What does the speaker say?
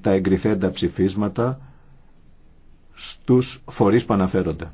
τα εγκριθέντα ψηφίσματα στους φορείς που αναφέρονται.